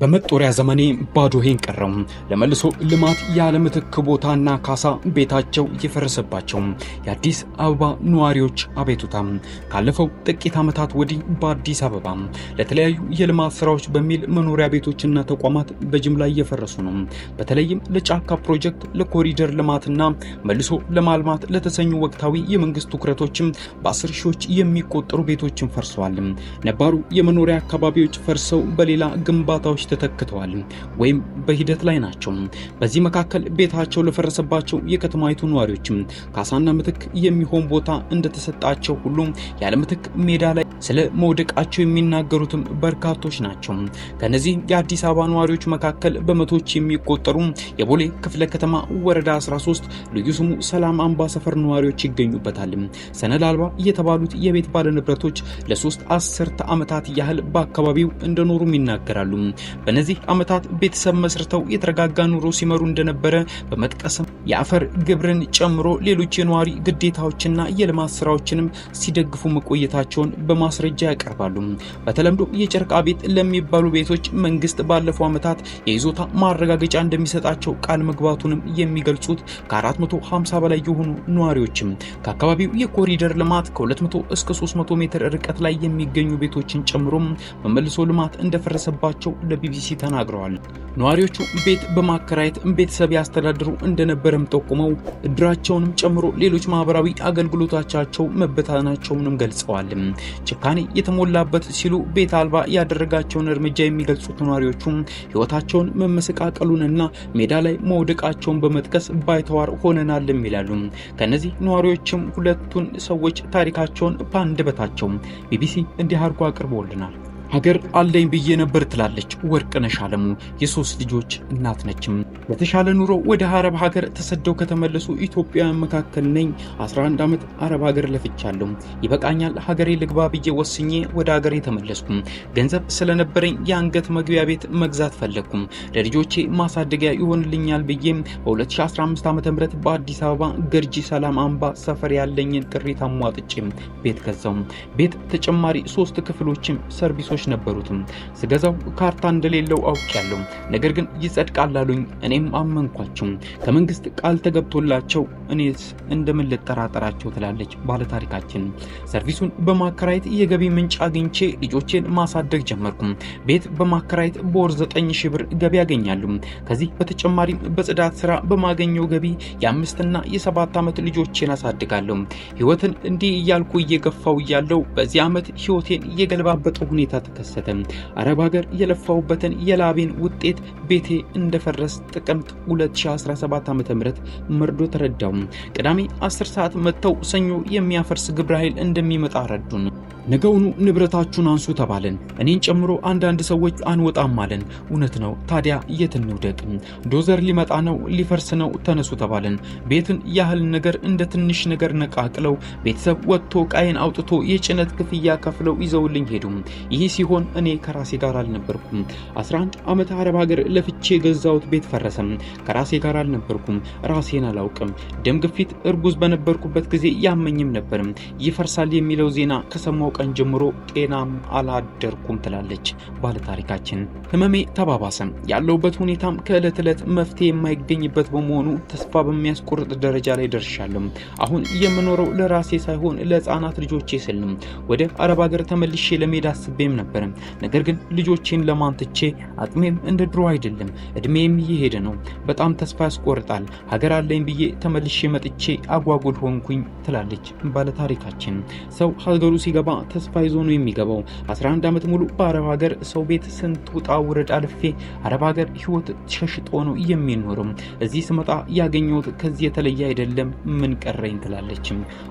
በመጦሪያ ዘመኔ ባዶሄን ቀረው ለመልሶ ልማት ያለምትክ ቦታና ካሳ ቤታቸው የፈረሰባቸው የአዲስ አበባ ነዋሪዎች አቤቱታ ካለፈው ጥቂት ዓመታት ወዲህ በአዲስ አበባ ለተለያዩ የልማት ስራዎች በሚል መኖሪያ ቤቶችና ተቋማት በጅምላ እየፈረሱ ነው። በተለይም ለጫካ ፕሮጀክት፣ ለኮሪደር ልማትና መልሶ ለማልማት ለተሰኙ ወቅታዊ የመንግስት ትኩረቶችም በአስር ሺዎች የሚቆጠሩ ቤቶችን ፈርሰዋል። ነባሩ የመኖሪያ አካባቢዎች ፈርሰው በሌላ ግንባታዎች ተተክተዋል ወይም በሂደት ላይ ናቸው። በዚህ መካከል ቤታቸው ለፈረሰባቸው የከተማይቱ ነዋሪዎችም ካሳና ምትክ የሚሆን ቦታ እንደተሰጣቸው ሁሉ ያለ ምትክ ሜዳ ላይ ስለ መውደቃቸው የሚናገሩትም በርካቶች ናቸው። ከነዚህ የአዲስ አበባ ነዋሪዎች መካከል በመቶዎች የሚቆጠሩ የቦሌ ክፍለ ከተማ ወረዳ 13 ልዩ ስሙ ሰላም አምባ ሰፈር ነዋሪዎች ይገኙበታል። ሰነድ አልባ የተባሉት የቤት ባለንብረቶች ለሶስት አስርተ ዓመታት ያህል በአካባቢው እንደኖሩም ይናገራሉ። በእነዚህ ዓመታት ቤተሰብ መስርተው የተረጋጋ ኑሮ ሲመሩ እንደነበረ በመጥቀስም የአፈር ግብርን ጨምሮ ሌሎች የነዋሪ ግዴታዎችና የልማት ስራዎችንም ሲደግፉ መቆየታቸውን በማስረጃ ያቀርባሉ። በተለምዶ የጨርቃ ቤት ለሚባሉ ቤቶች መንግስት ባለፈው ዓመታት የይዞታ ማረጋገጫ እንደሚሰጣቸው ቃል መግባቱንም የሚገልጹት ከ450 በላይ የሆኑ ነዋሪዎችም ከአካባቢው የኮሪደር ልማት ከ200 እስከ 300 ሜትር ርቀት ላይ የሚገኙ ቤቶችን ጨምሮ በመልሶ ልማት እንደፈረሰባቸው ለቢቢሲ ተናግረዋል። ነዋሪዎቹ ቤት በማከራየት ቤተሰብ ያስተዳድሩ እንደነበረ እንደም ጠቁመው እድራቸውንም ጨምሮ ሌሎች ማህበራዊ አገልግሎቶቻቸው መበታናቸውንም ገልጸዋል። ጭካኔ የተሞላበት ሲሉ ቤት አልባ ያደረጋቸውን እርምጃ የሚገልጹት ነዋሪዎቹም ህይወታቸውን መመሰቃቀሉንና ሜዳ ላይ መውደቃቸውን በመጥቀስ ባይተዋር ሆነናልም ይላሉ። ከነዚህ ነዋሪዎችም ሁለቱን ሰዎች ታሪካቸውን ፓንድ በታቸው ቢቢሲ እንዲህ አድርጎ አቅርቦልናል። ሀገር አለኝ ብዬ ነበር ትላለች ወርቅነሽ አለሙ። የሶስት ልጆች እናት ነችም። ለተሻለ ኑሮ ወደ አረብ ሀገር ተሰደው ከተመለሱ ኢትዮጵያውያን መካከል ነኝ። 11 ዓመት አረብ ሀገር ለፍቻለሁ። ይበቃኛል፣ ሀገሬ ልግባ ብዬ ወስኜ ወደ ሀገሬ ተመለስኩም። ገንዘብ ስለነበረኝ የአንገት መግቢያ ቤት መግዛት ፈለግኩ ለልጆቼ ማሳደጊያ ይሆንልኛል ብዬም በ2015 ዓ ም በአዲስ አበባ ገርጂ ሰላም አምባ ሰፈር ያለኝን ጥሪት አሟጥጬ ቤት ገዛው። ቤት ተጨማሪ ሶስት ክፍሎችም ሰርቪሶች ግጭቶች ነበሩትም። ስገዛው ካርታ እንደሌለው አውቄያለሁ። ነገር ግን ይጸድቃል አሉኝ። እኔም አመንኳቸው። ከመንግስት ቃል ተገብቶላቸው እኔስ እንደምን ልጠራጠራቸው ትላለች ባለታሪካችን። ሰርቪሱን በማከራየት የገቢ ምንጭ አግኝቼ ልጆቼን ማሳደግ ጀመርኩ። ቤት በማከራየት በወር 9000 ብር ገቢ ያገኛሉ። ከዚህ በተጨማሪም በጽዳት ስራ በማገኘው ገቢ የአምስትና የሰባት ዓመት ልጆቼን አሳድጋለሁ። ህይወትን እንዲህ እያልኩ እየገፋው እያለው በዚህ ዓመት ህይወቴን እየገለባበጠው ሁኔታ አልተከሰተም። አረብ ሀገር የለፋውበትን የላቤን ውጤት ቤቴ እንደፈረስ ጥቅምት 2017 ዓ ም መርዶ ተረዳው። ቅዳሜ 10 ሰዓት መጥተው ሰኞ የሚያፈርስ ግብረ ኃይል እንደሚመጣ ረዱን። ነገውኑ ንብረታችሁን አንሱ ተባልን። እኔን ጨምሮ አንዳንድ ሰዎች አንወጣም አለን። እውነት ነው። ታዲያ የት እንውደቅ? ዶዘር ሊመጣ ነው፣ ሊፈርስ ነው፣ ተነሱ ተባልን። ቤትን ያህል ነገር እንደ ትንሽ ነገር ነቃቅለው ቤተሰብ ወጥቶ ቃይን አውጥቶ የጭነት ክፍያ ከፍለው ይዘውልኝ ሄዱ። ይህ ሲሆን እኔ ከራሴ ጋር አልነበርኩም። 11 ዓመት አረብ ሀገር ለፍቼ የገዛሁት ቤት ፈረሰም። ከራሴ ጋር አልነበርኩም። ራሴን አላውቅም። ደም ግፊት፣ እርጉዝ በነበርኩበት ጊዜ ያመኝም ነበርም። ይፈርሳል የሚለው ዜና ከሰማው ቀን ጀምሮ ጤናም አላደርኩም ትላለች ባለታሪካችን። ህመሜ ተባባሰም። ያለሁበት ሁኔታም ከእለት ዕለት መፍትሄ የማይገኝበት በመሆኑ ተስፋ በሚያስቆርጥ ደረጃ ላይ ደርሻለሁ። አሁን የምኖረው ለራሴ ሳይሆን ለህፃናት ልጆቼ ስልም ወደ አረብ ሀገር ተመልሼ ለመሄድ አስቤም ነበር ነበረም። ነገር ግን ልጆቼን ለማንትቼ አቅሜም እንደ ድሮ አይደለም፣ እድሜም እየሄደ ነው። በጣም ተስፋ ያስቆርጣል። ሀገር አለኝ ብዬ ተመልሼ መጥቼ አጓጉል ሆንኩኝ ትላለች ባለታሪካችን። ሰው ሀገሩ ሲገባ ተስፋ ይዞ ነው የሚገባው። 11 ዓመት ሙሉ በአረብ ሀገር ሰው ቤት ስንት ውጣ ውረድ አልፌ አረብ ሀገር ህይወት ሸሽጦ ነው የሚኖርም። እዚህ ስመጣ ያገኘሁት ከዚህ የተለየ አይደለም፣ ምን ቀረኝ ትላለች።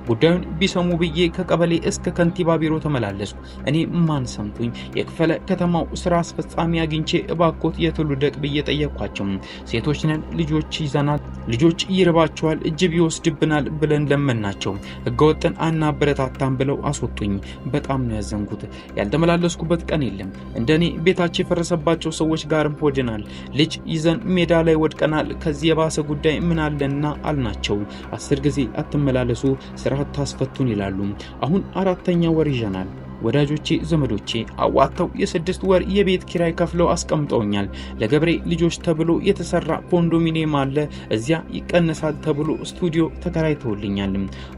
ጉዳዩን ቢሰሙ ብዬ ከቀበሌ እስከ ከንቲባ ቢሮ ተመላለስኩ። እኔ ማን ሰምቶኝ ሲያገኙኝ የክፍለ ከተማው ስራ አስፈጻሚ አግኝቼ እባኮት የትሉደቅ ብዬ ጠየኳቸው። ሴቶች ነን፣ ልጆች ይዘናል፣ ልጆች ይርባቸዋል፣ እጅብ ይወስድብናል ብለን ለመናቸው። ህገወጥን አናበረታታም ብለው አስወጡኝ። በጣም ነው ያዘንኩት። ያልተመላለስኩበት ቀን የለም። እንደኔ ቤታቸው የፈረሰባቸው ሰዎች ጋርም ወድናል። ልጅ ይዘን ሜዳ ላይ ወድቀናል። ከዚህ የባሰ ጉዳይ ምን አለና አልናቸው። አስር ጊዜ አትመላለሱ፣ ስራ አታስፈቱን ይላሉ። አሁን አራተኛ ወር ይዘናል። ወዳጆቼ፣ ዘመዶቼ አዋጥተው የስድስት ወር የቤት ኪራይ ከፍለው አስቀምጠውኛል። ለገብሬ ልጆች ተብሎ የተሰራ ኮንዶሚኒየም አለ። እዚያ ይቀነሳል ተብሎ ስቱዲዮ ተከራይተውልኛል።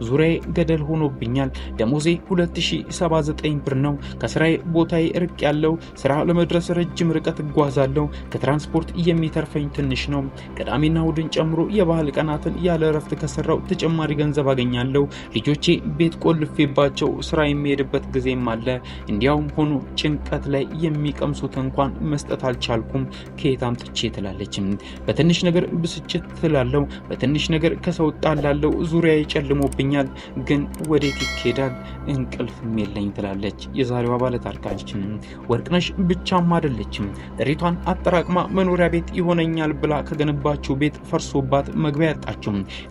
ዙሪያዬ ገደል ሆኖብኛል። ደሞዜ 2079 ብር ነው። ከስራዬ ቦታዬ ርቅ ያለው ስራ ለመድረስ ረጅም ርቀት እጓዛለሁ። ከትራንስፖርት የሚተርፈኝ ትንሽ ነው። ቅዳሜና እሁድን ጨምሮ የባህል ቀናትን ያለ እረፍት ከሰራው ተጨማሪ ገንዘብ አገኛለሁ። ልጆቼ ቤት ቆልፌባቸው ስራ የሚሄድበት ጊዜም አለ። እንዲያውም ሆኖ ጭንቀት ላይ የሚቀምሱት እንኳን መስጠት አልቻልኩም ከየት አምጥቼ ትላለችም። በትንሽ ነገር ብስጭት ትላለው፣ በትንሽ ነገር ከሰው ጣላለው፣ ዙሪያ ይጨልሞብኛል፣ ግን ወዴት ይኬዳል እንቅልፍም የለኝ ትላለች። የዛሬዋ ባለታሪካችን ወርቅነሽ ብቻም አይደለችም። ጥሪቷን አጠራቅማ መኖሪያ ቤት ይሆነኛል ብላ ከገነባችው ቤት ፈርሶባት መግቢያ ያጣችው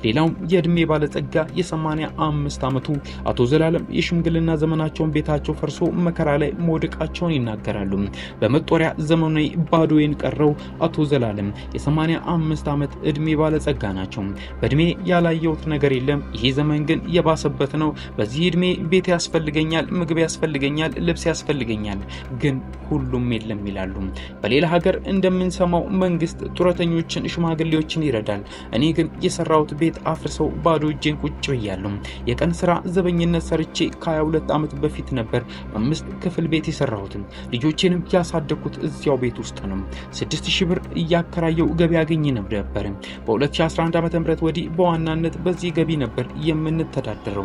ሌላውም የእድሜ ባለጸጋ የ85 ዓመቱ አቶ ዘላለም የሽምግልና ዘመናቸውን ቤታቸው ቤታቸው ፈርሶ መከራ ላይ መውደቃቸውን ይናገራሉ። በመጦሪያ ዘመናዊ ባዶዌን ቀረው አቶ ዘላለም የ85 ዓመት እድሜ ባለጸጋ ናቸው። በእድሜ ያላየሁት ነገር የለም፣ ይሄ ዘመን ግን የባሰበት ነው። በዚህ እድሜ ቤት ያስፈልገኛል፣ ምግብ ያስፈልገኛል፣ ልብስ ያስፈልገኛል፣ ግን ሁሉም የለም ይላሉ። በሌላ ሀገር እንደምንሰማው መንግስት ጡረተኞችን፣ ሽማግሌዎችን ይረዳል። እኔ ግን የሰራሁት ቤት አፍርሰው ባዶ እጄን ቁጭ ብያለሁ። የቀን ስራ ዘበኝነት ሰርቼ ከ22 ዓመት በፊት ነበር ነበር። አምስት ክፍል ቤት የሰራሁትን ልጆቼንም ያሳደግኩት እዚያው ቤት ውስጥ ነው። ስድስት ሺህ ብር እያከራየው ገቢ ያገኝ ነበር። በ2011 ዓ ም ወዲህ በዋናነት በዚህ ገቢ ነበር የምንተዳደረው።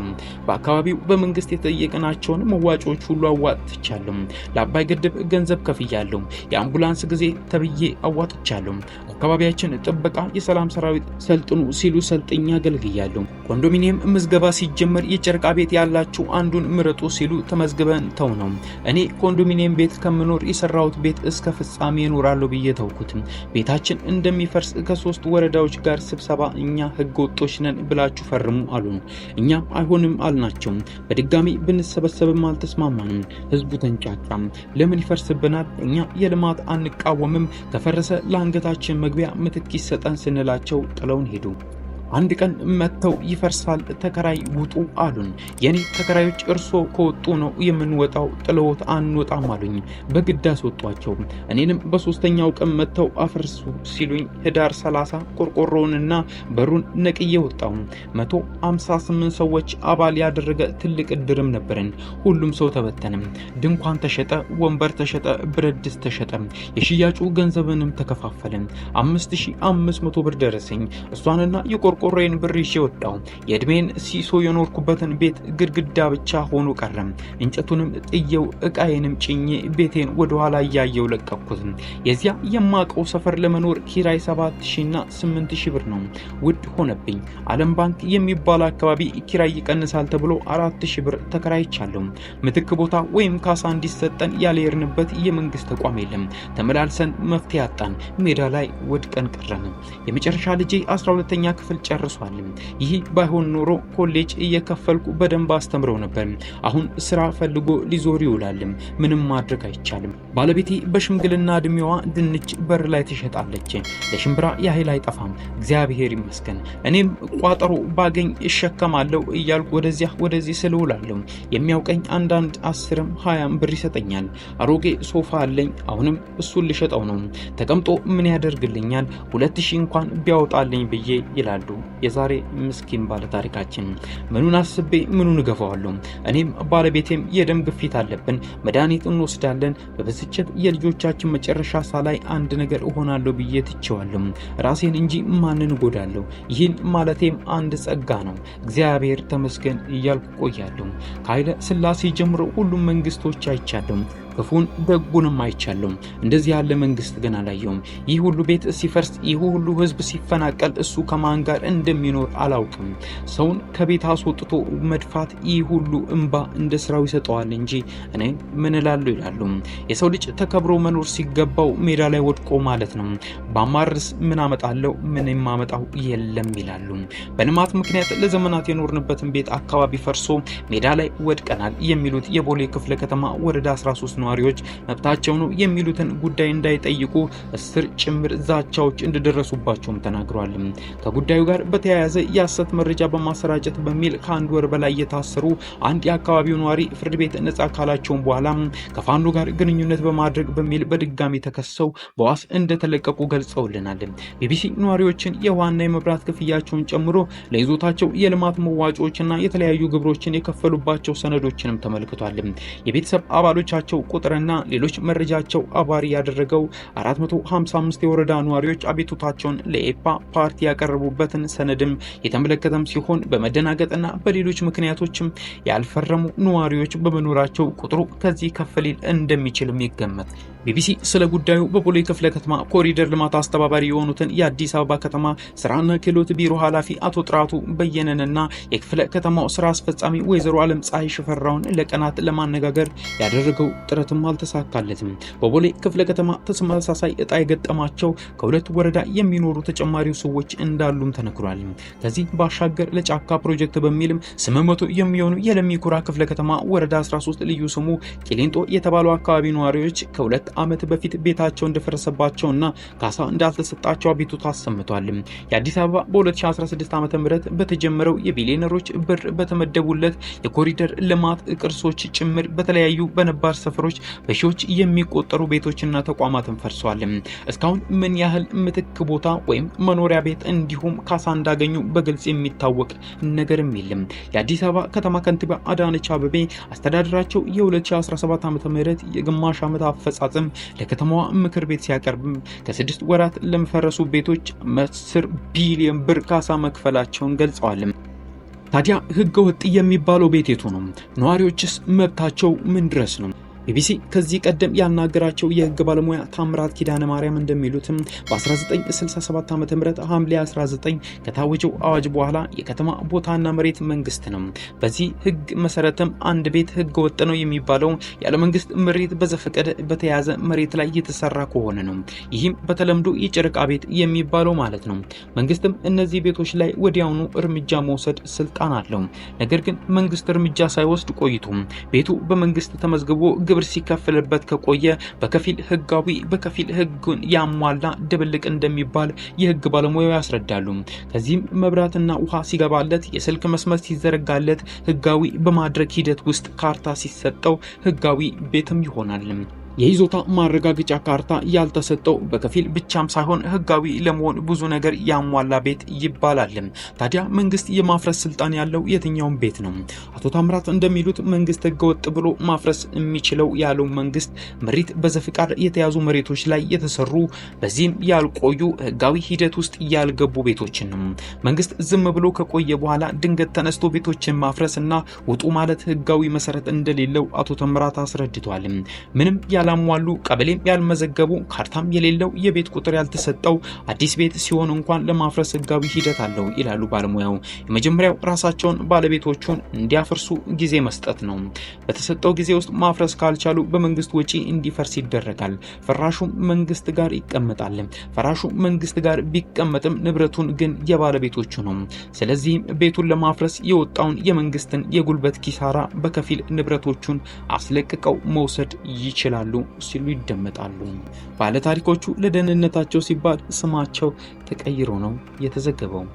በአካባቢው በመንግስት የጠየቅናቸውን መዋጮዎች ሁሉ አዋጥቻለሁ። ለአባይ ግድብ ገንዘብ ከፍያለሁ። የአምቡላንስ ጊዜ ተብዬ አዋጥቻለሁ። አካባቢያችን ጥበቃ፣ የሰላም ሰራዊት ሰልጥኑ ሲሉ ሰልጥኛ አገልግያለሁ። ኮንዶሚኒየም ምዝገባ ሲጀመር የጨርቃ ቤት ያላችሁ አንዱን ምረጡ ሲሉ ተመዝገ አስመዝግበን ተው ነው። እኔ ኮንዶሚኒየም ቤት ከምኖር የሰራሁት ቤት እስከ ፍጻሜ እኖራለሁ ብዬ ተውኩትም። ቤታችን እንደሚፈርስ ከሶስት ወረዳዎች ጋር ስብሰባ እኛ ህገ ወጦች ነን ብላችሁ ፈርሙ አሉ እኛም አይሆንም አልናቸው። በድጋሚ ብንሰበሰብም አልተስማማንም። ህዝቡ ተንጫጫ። ለምን ይፈርስብናል? እኛ የልማት አንቃወምም። ከፈረሰ ለአንገታችን መግቢያ ምትክ ይሰጠን ስንላቸው ጥለውን ሄዱ። አንድ ቀን መጥተው ይፈርሳል፣ ተከራይ ውጡ አሉን። የኔ ተከራዮች እርሶ ከወጡ ነው የምንወጣው፣ ጥለውት አንወጣም አሉኝ። በግድ አስወጧቸው። እኔንም በሶስተኛው ቀን መጥተው አፍርሱ ሲሉኝ ህዳር 30 ቆርቆሮውንና በሩን ነቅዬ ወጣው። 158 ሰዎች አባል ያደረገ ትልቅ እድርም ነበረን። ሁሉም ሰው ተበተነ። ድንኳን ተሸጠ፣ ወንበር ተሸጠ፣ ብረት ድስት ተሸጠ። የሽያጩ ገንዘብንም ተከፋፈለ 5500 ብር ደረሰኝ። እሷንና የቆርቆ ቆርቆሮዬን ብርሽ የወጣው የእድሜን ሲሶ የኖርኩበትን ቤት ግድግዳ ብቻ ሆኖ ቀረም። እንጨቱንም ጥየው እቃዬንም ጭኜ ቤቴን ወደኋላ እያየው ለቀኩት የዚያ የማቀው ሰፈር ለመኖር ኪራይ 7000ና 8000 ብር ነው። ውድ ሆነብኝ። ዓለም ባንክ የሚባል አካባቢ ኪራይ ይቀንሳል ተብሎ 4000 ብር ተከራይቻለሁ። ምትክ ቦታ ወይም ካሳ እንዲሰጠን ያልሄድንበት የመንግስት ተቋም የለም። ተመላልሰን መፍትሄ አጣን። ሜዳ ላይ ወድቀን ቀረም። የመጨረሻ ልጄ 12ኛ ክፍል ጨርሷል። ይህ ባይሆን ኖሮ ኮሌጅ እየከፈልኩ በደንብ አስተምረው ነበር። አሁን ስራ ፈልጎ ሊዞር ይውላል። ምንም ማድረግ አይቻልም። ባለቤቴ በሽምግልና እድሜዋ ድንች በር ላይ ትሸጣለች። ለሽምብራ ያህል አይጠፋም። እግዚአብሔር ይመስገን። እኔም ቋጠሮ ባገኝ እሸከማለሁ እያልኩ ወደዚያ ወደዚህ ስልውላለሁ። የሚያውቀኝ አንዳንድ አስርም ሀያም ብር ይሰጠኛል። አሮጌ ሶፋ አለኝ። አሁንም እሱን ልሸጠው ነው። ተቀምጦ ምን ያደርግልኛል? ሁለት ሺህ እንኳን ቢያወጣልኝ ብዬ ይላሉ የዛሬ ምስኪን ባለ ታሪካችን ምኑን አስቤ ምኑን እገፋዋለሁ። እኔም ባለቤቴም የደም ግፊት አለብን፣ መድኃኒት እንወስዳለን። በብስጭት የልጆቻችን መጨረሻ ሳላይ አንድ ነገር እሆናለሁ ብዬ ትቼዋለሁ። ራሴን እንጂ ማንን እጎዳለሁ? ይህን ማለቴም አንድ ጸጋ ነው፣ እግዚአብሔር ተመስገን እያልኩ ቆያለሁ። ከኃይለ ሥላሴ ጀምሮ ሁሉም መንግስቶች አይቻለሁ። ክፉን ደጉንም አይቻለሁም። እንደዚህ ያለ መንግስት ግን አላየውም። ይህ ሁሉ ቤት ሲፈርስ፣ ይህ ሁሉ ህዝብ ሲፈናቀል እሱ ከማን ጋር እንደሚኖር አላውቅም። ሰውን ከቤት አስወጥቶ መድፋት ይህ ሁሉ እንባ እንደ ስራው ይሰጠዋል እንጂ እኔ ምን እላለሁ ይላሉ። የሰው ልጅ ተከብሮ መኖር ሲገባው ሜዳ ላይ ወድቆ ማለት ነው። ባማርስ ምን አመጣለው? ምን የማመጣው የለም ይላሉ። በልማት ምክንያት ለዘመናት የኖርንበትን ቤት አካባቢ ፈርሶ ሜዳ ላይ ወድቀናል የሚሉት የቦሌ ክፍለ ከተማ ወረዳ 13 ነዋሪዎች መብታቸው ነው የሚሉትን ጉዳይ እንዳይጠይቁ እስር ጭምር ዛቻዎች እንደደረሱባቸውም ተናግረዋል። ከጉዳዩ ጋር በተያያዘ የሐሰት መረጃ በማሰራጨት በሚል ከአንድ ወር በላይ የታሰሩ አንድ የአካባቢው ነዋሪ ፍርድ ቤት ነጻ ካላቸውም በኋላ ከፋኖ ጋር ግንኙነት በማድረግ በሚል በድጋሚ ተከሰው በዋስ እንደተለቀቁ ገልጸውልናል። ቢቢሲ ነዋሪዎችን የውሃና የመብራት ክፍያቸውን ጨምሮ ለይዞታቸው የልማት መዋጮዎችና የተለያዩ ግብሮችን የከፈሉባቸው ሰነዶችንም ተመልክቷል። የቤተሰብ አባሎቻቸው ቁጥርና ሌሎች መረጃቸው አባሪ ያደረገው 455 የወረዳ ነዋሪዎች አቤቱታቸውን ለኤፓ ፓርቲ ያቀረቡበትን ሰነድም የተመለከተም ሲሆን በመደናገጥና በሌሎች ምክንያቶችም ያልፈረሙ ነዋሪዎች በመኖራቸው ቁጥሩ ከዚህ ከፍ ሊል እንደሚችልም ይገመት ቢቢሲ ስለ ጉዳዩ በቦሌ ክፍለ ከተማ ኮሪደር ልማት አስተባባሪ የሆኑትን የአዲስ አበባ ከተማ ስራና ክህሎት ቢሮ ኃላፊ አቶ ጥራቱ በየነንና የክፍለ ከተማው ስራ አስፈጻሚ ወይዘሮ አለም ፀሐይ ሽፈራውን ለቀናት ለማነጋገር ያደረገው ጥረትም አልተሳካለትም። በቦሌ ክፍለ ከተማ ተመሳሳይ እጣ የገጠማቸው ከሁለት ወረዳ የሚኖሩ ተጨማሪው ሰዎች እንዳሉም ተነግሯል። ከዚህ ባሻገር ለጫካ ፕሮጀክት በሚልም ስምንት መቶ የሚሆኑ የለሚኩራ ክፍለ ከተማ ወረዳ 13 ልዩ ስሙ ቂሊንጦ የተባሉ አካባቢ ነዋሪዎች ከሁለት ዓመት በፊት ቤታቸው እንደፈረሰባቸውና ካሳ እንዳልተሰጣቸው አቤቱታ አሰምቷል። የአዲስ አበባ በ2016 ዓ ም በተጀመረው የቢሊዮነሮች ብር በተመደቡለት የኮሪደር ልማት ቅርሶች ጭምር በተለያዩ በነባር ሰፈሮች በሺዎች የሚቆጠሩ ቤቶችና ተቋማትን ፈርሷል። እስካሁን ምን ያህል ምትክ ቦታ ወይም መኖሪያ ቤት እንዲሁም ካሳ እንዳገኙ በግልጽ የሚታወቅ ነገርም የለም። የአዲስ አበባ ከተማ ከንቲባ አዳነች አበቤ አስተዳደራቸው የ2017 ዓ ም የግማሽ ዓመት አፈጻጸም በማለትም ለከተማዋ ምክር ቤት ሲያቀርብም ከስድስት ወራት ለሚፈረሱ ቤቶች አስር ቢሊዮን ብር ካሳ መክፈላቸውን ገልጸዋል። ታዲያ ህገ ወጥ የሚባለው ቤት የቱ ነው? ነዋሪዎችስ መብታቸው ምን ድረስ ነው? ቢቢሲ ከዚህ ቀደም ያናገራቸው የህግ ባለሙያ ታምራት ኪዳነ ማርያም እንደሚሉትም በ1967 ዓ ም ሐምሌ 19 ከታወጀው አዋጅ በኋላ የከተማ ቦታና መሬት መንግስት ነው። በዚህ ህግ መሰረትም አንድ ቤት ህገ ወጥ ነው የሚባለው ያለ መንግስት መሬት በዘፈቀደ በተያዘ መሬት ላይ የተሰራ ከሆነ ነው። ይህም በተለምዶ የጨረቃ ቤት የሚባለው ማለት ነው። መንግስትም እነዚህ ቤቶች ላይ ወዲያውኑ እርምጃ መውሰድ ስልጣን አለው። ነገር ግን መንግስት እርምጃ ሳይወስድ ቆይቶ ቤቱ በመንግስት ተመዝግቦ ግብር ሲከፍልበት ከቆየ በከፊል ህጋዊ በከፊል ህጉን ያሟላ ድብልቅ እንደሚባል የህግ ባለሙያው ያስረዳሉ። ከዚህም መብራትና ውሃ ሲገባለት፣ የስልክ መስመር ሲዘረጋለት፣ ህጋዊ በማድረግ ሂደት ውስጥ ካርታ ሲሰጠው ህጋዊ ቤትም ይሆናል። የይዞታ ማረጋገጫ ካርታ ያልተሰጠው በከፊል ብቻም ሳይሆን ህጋዊ ለመሆን ብዙ ነገር ያሟላ ቤት ይባላል ታዲያ መንግስት የማፍረስ ስልጣን ያለው የትኛውም ቤት ነው? አቶ ታምራት እንደሚሉት መንግስት ህገወጥ ብሎ ማፍረስ የሚችለው ያለው መንግስት መሬት በዘፍቃድ የተያዙ መሬቶች ላይ የተሰሩ በዚህም ያልቆዩ ህጋዊ ሂደት ውስጥ ያልገቡ ቤቶችን ነው። መንግስት ዝም ብሎ ከቆየ በኋላ ድንገት ተነስቶ ቤቶችን ማፍረስ እና ውጡ ማለት ህጋዊ መሰረት እንደሌለው አቶ ተምራት አስረድቷል። ምንም ያ ያላሟሉ፣ ቀበሌም ያልመዘገቡ፣ ካርታም የሌለው የቤት ቁጥር ያልተሰጠው አዲስ ቤት ሲሆን እንኳን ለማፍረስ ህጋዊ ሂደት አለው ይላሉ ባለሙያው። የመጀመሪያው ራሳቸውን ባለቤቶቹን እንዲያፈርሱ ጊዜ መስጠት ነው። በተሰጠው ጊዜ ውስጥ ማፍረስ ካልቻሉ በመንግስት ወጪ እንዲፈርስ ይደረጋል። ፈራሹ መንግስት ጋር ይቀመጣል። ፈራሹ መንግስት ጋር ቢቀመጥም ንብረቱን ግን የባለቤቶቹ ነው። ስለዚህም ቤቱን ለማፍረስ የወጣውን የመንግስትን የጉልበት ኪሳራ በከፊል ንብረቶቹን አስለቅቀው መውሰድ ይችላሉ ይኖራሉ ሲሉ ይደመጣሉ። ባለታሪኮቹ ለደህንነታቸው ሲባል ስማቸው ተቀይሮ ነው የተዘገበው።